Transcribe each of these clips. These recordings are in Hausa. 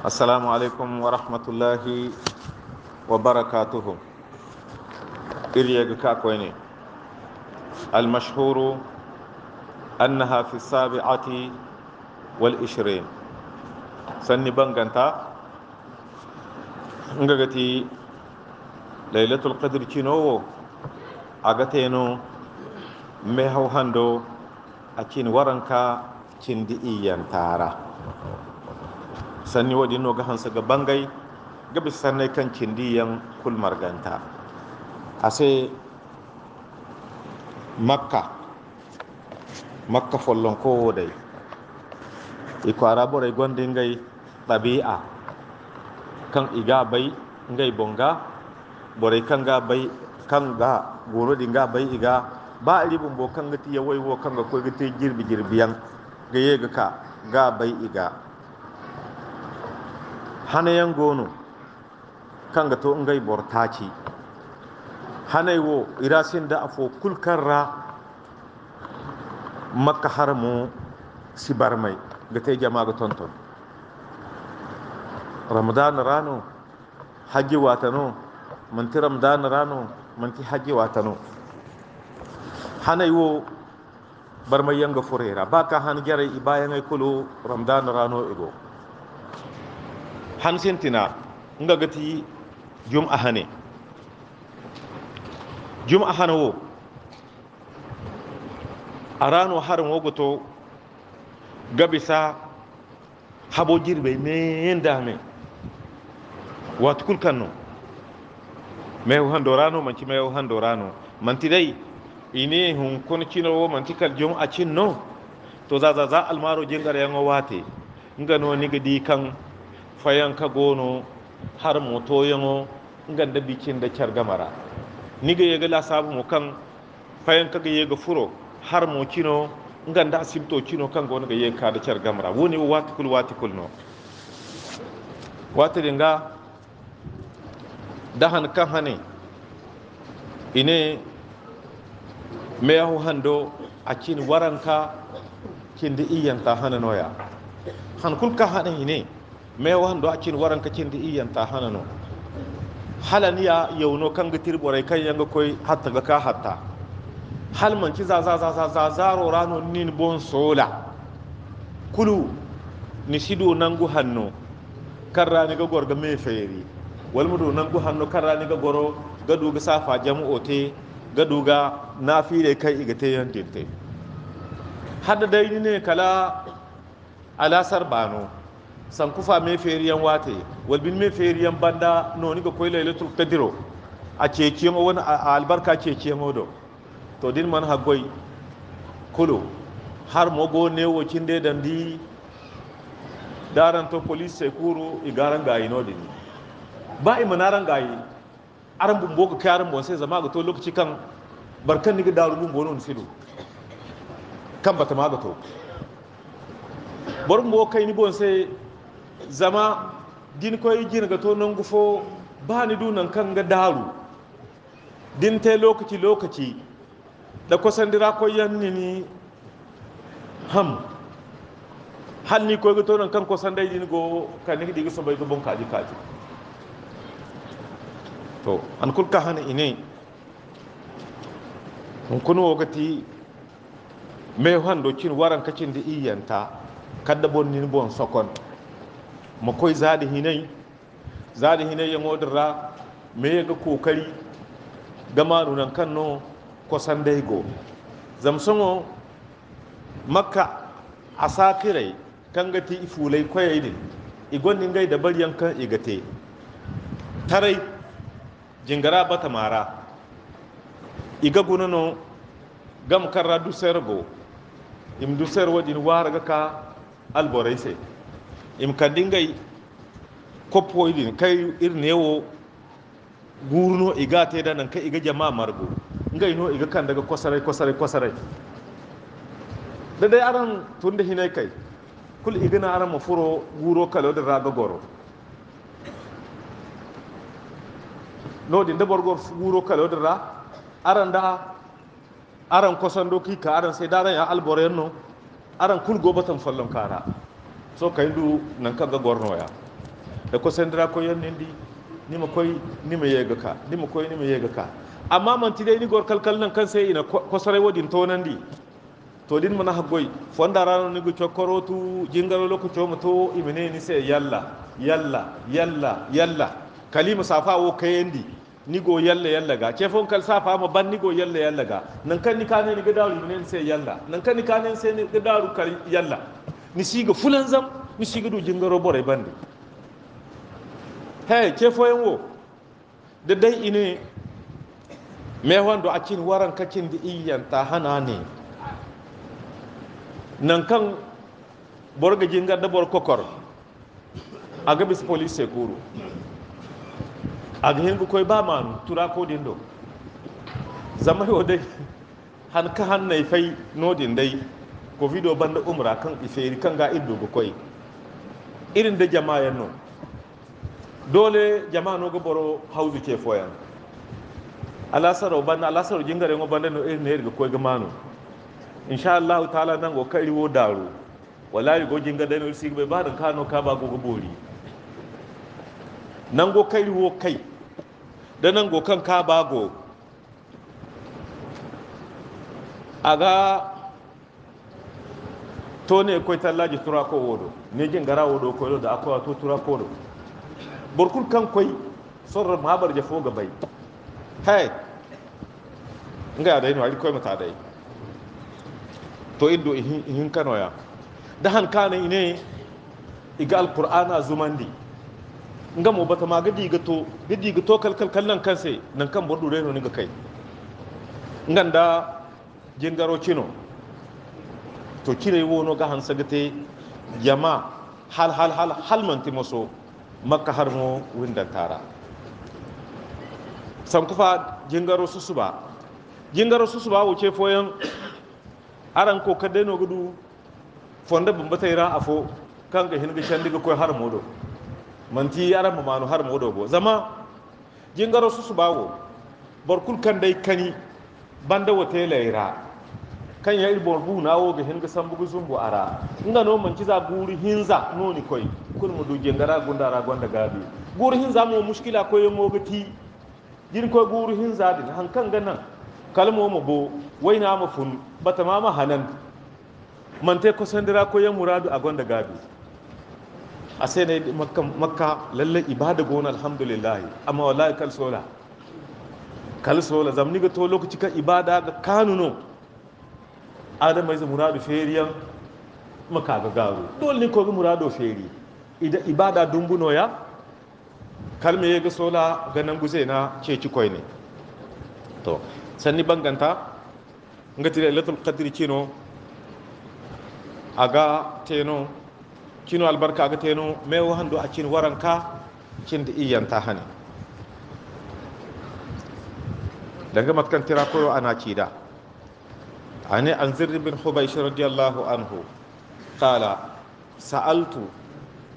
assalamu alaikum wa rahmatullahi wa barakatuhu irya ga kakwai ne almashhuru an na hafi sabi ati wal ishirin sanni banganta ga gati lailatul qadr kinowo a ga yano mai hau hando a cin waranka cin di'iyyan tara sanni wadi no ga hansa ga bangai ga bisanai kan kindiyan kul marganta ase makka makka follon ko dai Ikwara arabo rai gonde ngai tabi'a kan iga bai ngai bonga borai kan ga bai kan ga goro dinga bai iga ba alibun bo kan gati ya waiwo kan ga ko gati girbi girbiyan ga yega ka ga bai iga hanayen gono kan ga to ngai bortaci hanaiwo irasin da afo kulkarra makka harmu sibar mai ga ta jama ga tonton ramadan rano haji watano manti ramadan rano manti haji watano hanaiwo yanga furera baka han gare ibayan ay kulu ramadan rano igo hamsin tina nga gati jum'a hane jum'a hane wo a ranu harin wogoto gabisa habo jirbe men dame watu kulkanno mehu hando rano manci mehu hando rano manti dai ine hun kun cino wo manti kal jum'a no? to za za za almaro jingar yango wate nga no ni gidi kan Fayan ka gono har moto yano ganda bikin da kyar gamara ni ga yaga lasabu mo kan fayan ka ga yega furo har mo kino ganda asibto kino kan gono ga yeka da kyar gamara woni watikul kul no wata dinga dahan kan hane ine meyahu hando a akin waranka kindi iyanta hana noya han kulka hane ine me wan do akin waran kakin di iyan ta hanano halan ya yauno kan ga borai kan yanga kai hatta ga ka hatta hal man ci za za za za za zaro rano nin bon sola kulu ni sido nangu hanno karra ni ga gorga me feri wal mudu nangu hanno karra ni ga goro ga duga safa jamu'o te ga duga nafire kai igate yan dirte hadda dai ne kala alasar bano sankufa me feriyan wate walbin me feriyan banda noni ga kwaila ilitul kadiro a keke ma wani albarka keke ma do to din man hagoy kulo har mago go ne wokin de dandi daren to sai sekuru igaran gayi no din ba i manaran gayi aran bumbo ka karan bon sai zama ga to lokaci kan barkan ni ga daru bumbo non fido kan bata ma ga to bor mo kai ni bon sai zama din koy jirga to nan gufo ba ni dunan kan ga daru din ta lokaci lokaci da kusan dira koyan ni ni ham hal ni koy ga to nan kan kusan dai din go kan ni digi so bai go bon kaji kaji to an kulka hana ine kun kuno wakati mai hando cin waran kacin da iyanta kadda bon ni bon sokon makoi zaɗi hinai zaɗi hinai yan odira me ga kokari gama nunan kanno kusan daigo zamsungo makka a sakirai kan gati ifulai kwayai ne gai da baryan kan igate tarai jingara bata mara iga gunano gam karra dusar go im dusar wadin waraga ka alboraisai. im dingay koppo idin kai newo gurno iga te da nan kai iga jama'a margo ngai no iga kan daga kosare kosare kosare da dai aran tun da hinai kai kul igina aran mafuro guro kalo da raga goro nodin da borgo guro kalo da ra aran da aran kosan doki ka aran sai ran ya alboreno aran kul gobatan fallon kara so ka nan ka ga kusan dara ko sendira ko ma nima ni ma yeega ka koi ni ma yeega ka amma mantiɗe ni gorkal kalkal nan kan sai ina kosore woɗin di to din mana haggoy ni nigo cokkoro tu jingalo lokacoma to ni se yalla yalla yalla yalla kalima safa wo kayendi go yalla yalla ga ce fon kal safa ma ban ni go yalla yalla ga nan kan ni kane ni gadaru ni sai yalla nan kan ni kane sai ni gadaru kal yalla Ni zam, ni siga du jingaro bore bandi hey ke foyen wo da dai ine me wando akin waran kakin da iyan ta hana ne nan kan borga jinga da bor kokor aga bis police kuru aga hingu koy ba man tura ko dindo zamai yo dai han ka han nay fay nodin dai ko video banda umra kan iseri kan ga ido go koy irin da jama'a yanno dole jama'a no go boro hauzu ke foyan alasaro banda alasaro jingare ngo banda no irin ne ga koy gamano insha Allah ta'ala nan go kai wo daru wallahi go jinga da no sigbe ba da kano ka ba go go bori nan go kai wo kai da nan go kan ka ba go aga to ne koy tallaji tura ko wodo ne jin gara wodo ko da akwa to tura ko do burkul kan koy sorra ma bar jafo ga bai hay nga da no ali koy mata dai to indo hin kano ya da han kana ine igal qur'ana zumandi nga mo bata magadi ga to gadi ga to kal kal kallan kanse nan kan bodu reno ni ga kai nganda garo chino to kire wono ga han sagate yama hal hal hal hal man ti maso makka har mo windan tara sam kufa jingaro susuba jingaro susuba wuce foyan aran ko kadai no gudu fonda bambata ira afo kan ga hinga shan diga koy har modo manti aran ma manu har modo go zama jingaro susuba wo barkul kan dai kani banda wata laira kan ya ir bu na wo ga hinga san bugu zumbu ara nga no manci za guri hinza no ni koy kun mu duje ngara gunda ra gonda gabi guri hinza mu mushkila koy mo gati jin ko guri hinza din hankan ganan kalmo mu bo wai na mu fun bata ma hanan man te ko sandira koy muradu a gonda gabi a sai ne makka makka lalle ibada gona alhamdulillah amma wallahi kal sola kal sola zamni ga to lokaci ka ibada ga kanuno adam mai muradu feriyar makagagaru dole ne ko muradu feri idan ibada dumbuno ya kalme ya ga sola ganin guze na ceci kwai ne to sanni banganta tilai latul kadiri kino ga teno kino albarka ga teno me wahando a cin waranka cin da ta hani daga matkan tira koyo ana cida ani an zirri bin hubai shi radiyallahu anhu kala sa'altu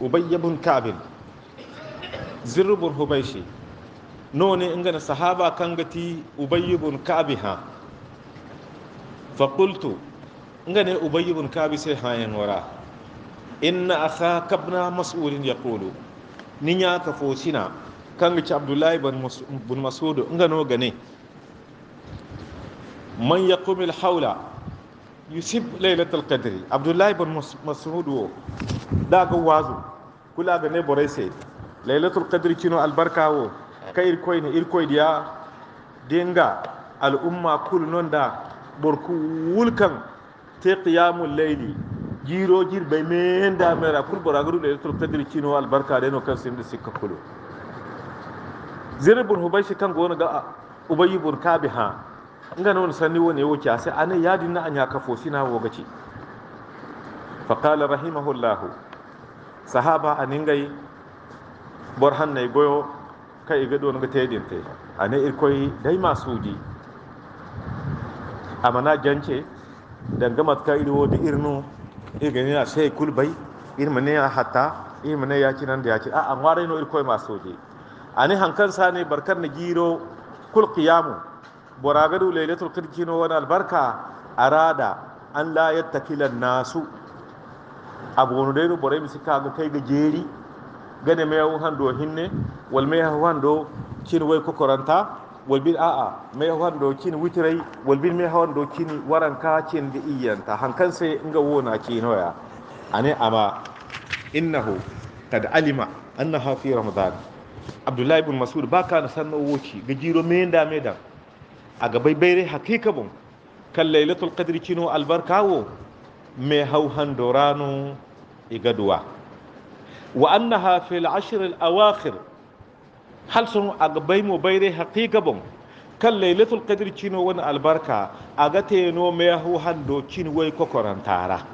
ubayya bin kabil zirri bin hubai shi no ne inga na sahaba kan gati ubayya ha fakultu inga ne ubayya bin kabi sai hanyar wara ina a kabna masu wurin ya kolo ni ya kafo sina kan abdullahi bin masu wurin ga man ya kumil haula yusuf lailatul qadri abdullahi bin mas'ud wo daga wazu kula ga ne borai sai lailatul qadri kino albarka wo kayir koy ne irkoy dia dinga al'umma kul non da borku wulkan te qiyamul layli jiro jir bay men da mera kul bora garu lailatul qadri kino albarka da no kan sinda de sikka kulo zirbun hubayshi kan gona ga ubayy bin kabiha nga non sanni woni wo ci ase ane yadi na anya kafo sina wo gaci fa qala rahimahullah sahaba aningai borhan nay goyo kai ga don ga tedin te ane irkoi dai masudi amana jance danga matka iri wo di irnu igani na sai ir mane ya hatta mane ya ci nan da ya ci a an ware no irkoi masudi ane hankan ne barkar na giro kul qiyamu boragadu lailatul qadr no wani albarka arada an la yattakilan nasu abonu dai no borai misika ga kai ga jeri gane mai yawan hando hinne wal mai yawan hando kin wai kokoranta. koranta wal bil a'a mai yawan hando kin witrai wal bil mai yawan hando kin waranka kin da iyanta hankan sai inga wona kinoya ane ama innahu kad alima annaha fi ramadan abdullahi ibn mas'ud baka na sanno woci ga me nda me da a aga baibaire hakika bon kan lailatul qadri kino albarkawo mai hauhan dorano igaduwa wa annaha fil ashr al awakhir hal sunu a bai mu baire hakika bon kan lailatul qadri kino wani albarka aga teno mai hauhan do wai kokorantara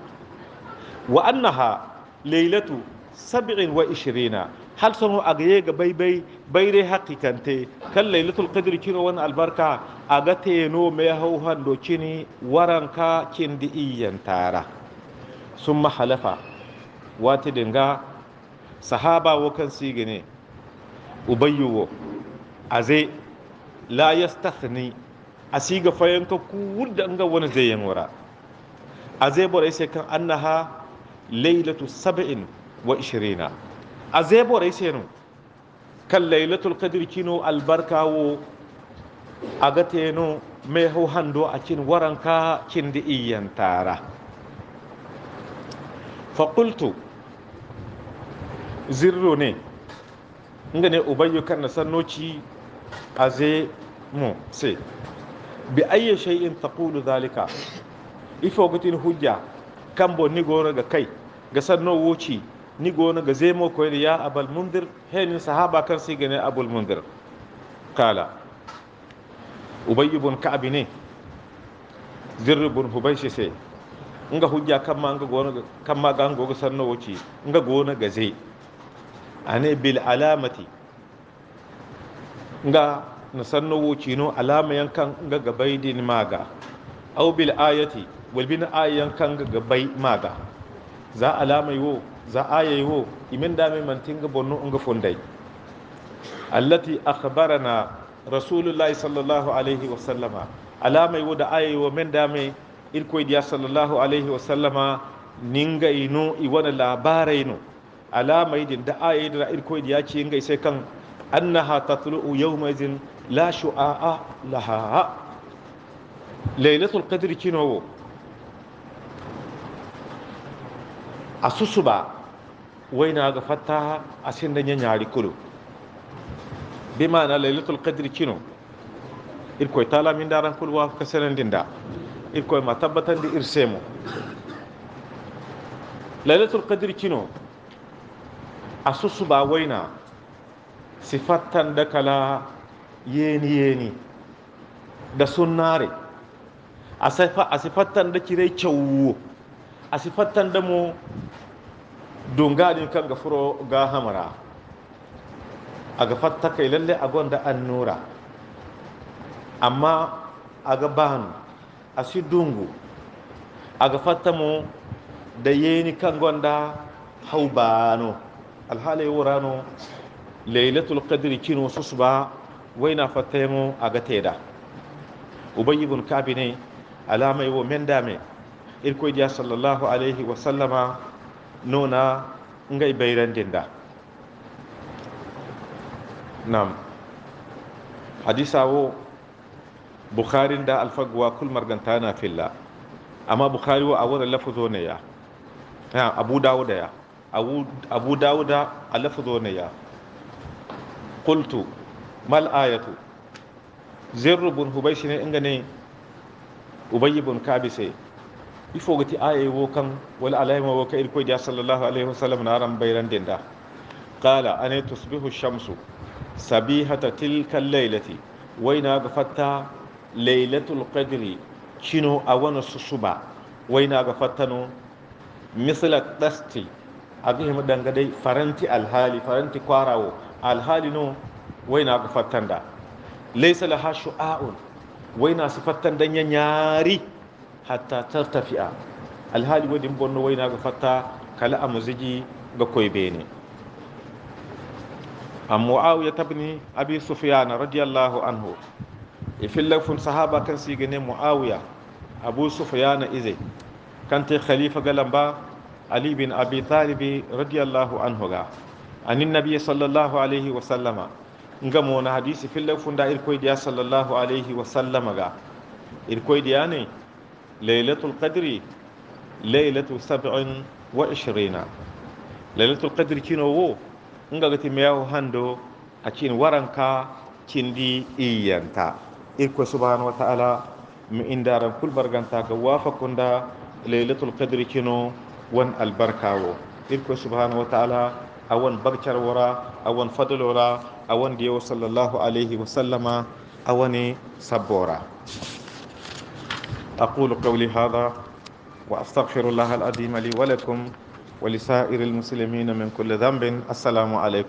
wa annaha lailatu 27 hal sanu agaye ga baibai baire hakikante kan lailatul qadri kino wani albarka ga teno me hauhan do kini waranka kindi iyan tara summa halafa wati dinga sahaba wo kan sigine ubayyu aze la yastathni asiga fayanka ku wudda nga wani zayen wara aze bore sai kan annaha lailatu sab'in wa ishirina a zebore seno kan lailatul qadr kino albarkawo aga teno mai hau hando a cin waranka cin da iyan tara fakultu zirro ne inda ne ubayyukan na sannoci a zai mu sai bi ayyar shay'in taqulu zalika ifo gutin hujja kan bonni gora ga kai ga sannowoci wuci ni gona ga mo ko ya abal mundir henin sahaba kan si gane abul mundir kala ubay ibn ka'ab ne zirr ibn hubaysh sai nga hujja kan ma nga gona kan ma ga ngo sanno wuce nga gona ga zai ane bil alamati nga na sanno wuce no alama yankan nga gabai din maga aw bil ayati wal bin ayan kan ga gabai maga za alama yo za yi wo imin dame mantinga bonu nga fundai allati akhbarana rasulullahi sallallahu alaihi wa sallama alama wo da aya wo min dami il koy diya sallallahu alaihi wa sallama ninga inu i wana labara inu alama idin da aya da il koy diya ci inga isai kan annaha tatlu'u yawma idin la shu'a laha laylatul qadri kinowo a ba. na ga fatta asinda kudu bi kulu na lailatul qadri kino koy tala min daran kul wa ka ir koy ma tabbatan di semo lailatul qadri kino asusu ba waina sifatan da kala yeni yeni da sunnare a sifatan da kire kyawu a sifatan da mu dungadin kan ga ga hamara a ga fatta kai lalle a gwanda an nura amma a ga ban a si dungu a ga fatta mu da yeni kan gwanda hau bano alhalai wurano lailatul qadri kino su ba wai na fatta mu a ga teda ubayi kabi ne alamai wa mendame dame irkoidiya sallallahu alaihi wasallama nona ngai bayran dinda nam hadisa wo bukhari da alfagwa kul na filla amma bukhari wo a lafzo ne ya abu dawud ya abu dawud a lafazo ne ya qultu mal ayatu zirru bin hubayshi ne inga ne ubayy bin kabise ga ti aye wo kan wal alayma wo ka irko ja sallallahu alaihi wasallam ran bayran dinda qala ana tusbihu shamsu sabihata tilka laylati waina ga fatta laylatul qadri chino awana susuba waina ga no misla dasti agihim dangadai faranti alhali faranti kwarawo alhali no waina ga da. laysa laha shu'a'un waina sifattan dan yanyari hatta tartafi'a alhali wadin bonno wayna ga fata kala amuzigi ga koybene am muawiya tabni abi sufyan radiyallahu anhu ifillafun e sahaba kan gane muawiya abu sufyan ize ta khalifa galamba ali bin abi talib radiyallahu anhu ga anin nabiy sallallahu alaihi wa sallama Nga mona hadisi fillafun da irkoy diya sallallahu alaihi wa sallama ga irkoy diya ne lailatul qadri lailatu sab'in wa ishirina lailatul qadri kino wo nga gati meyahu hando akin waranka kindi iyanta irko subhanahu wa ta'ala mi indaran kul barganta ga wafakunda lailatul qadri kino wan albarkawo irko subhanahu wa ta'ala awan bagcar wara awan fadl wara awan diyo sallallahu alaihi wa sallama awani sabbora أقول قولي هذا وأستغفر الله العظيم لي ولكم ولسائر المسلمين من كل ذنب السلام عليكم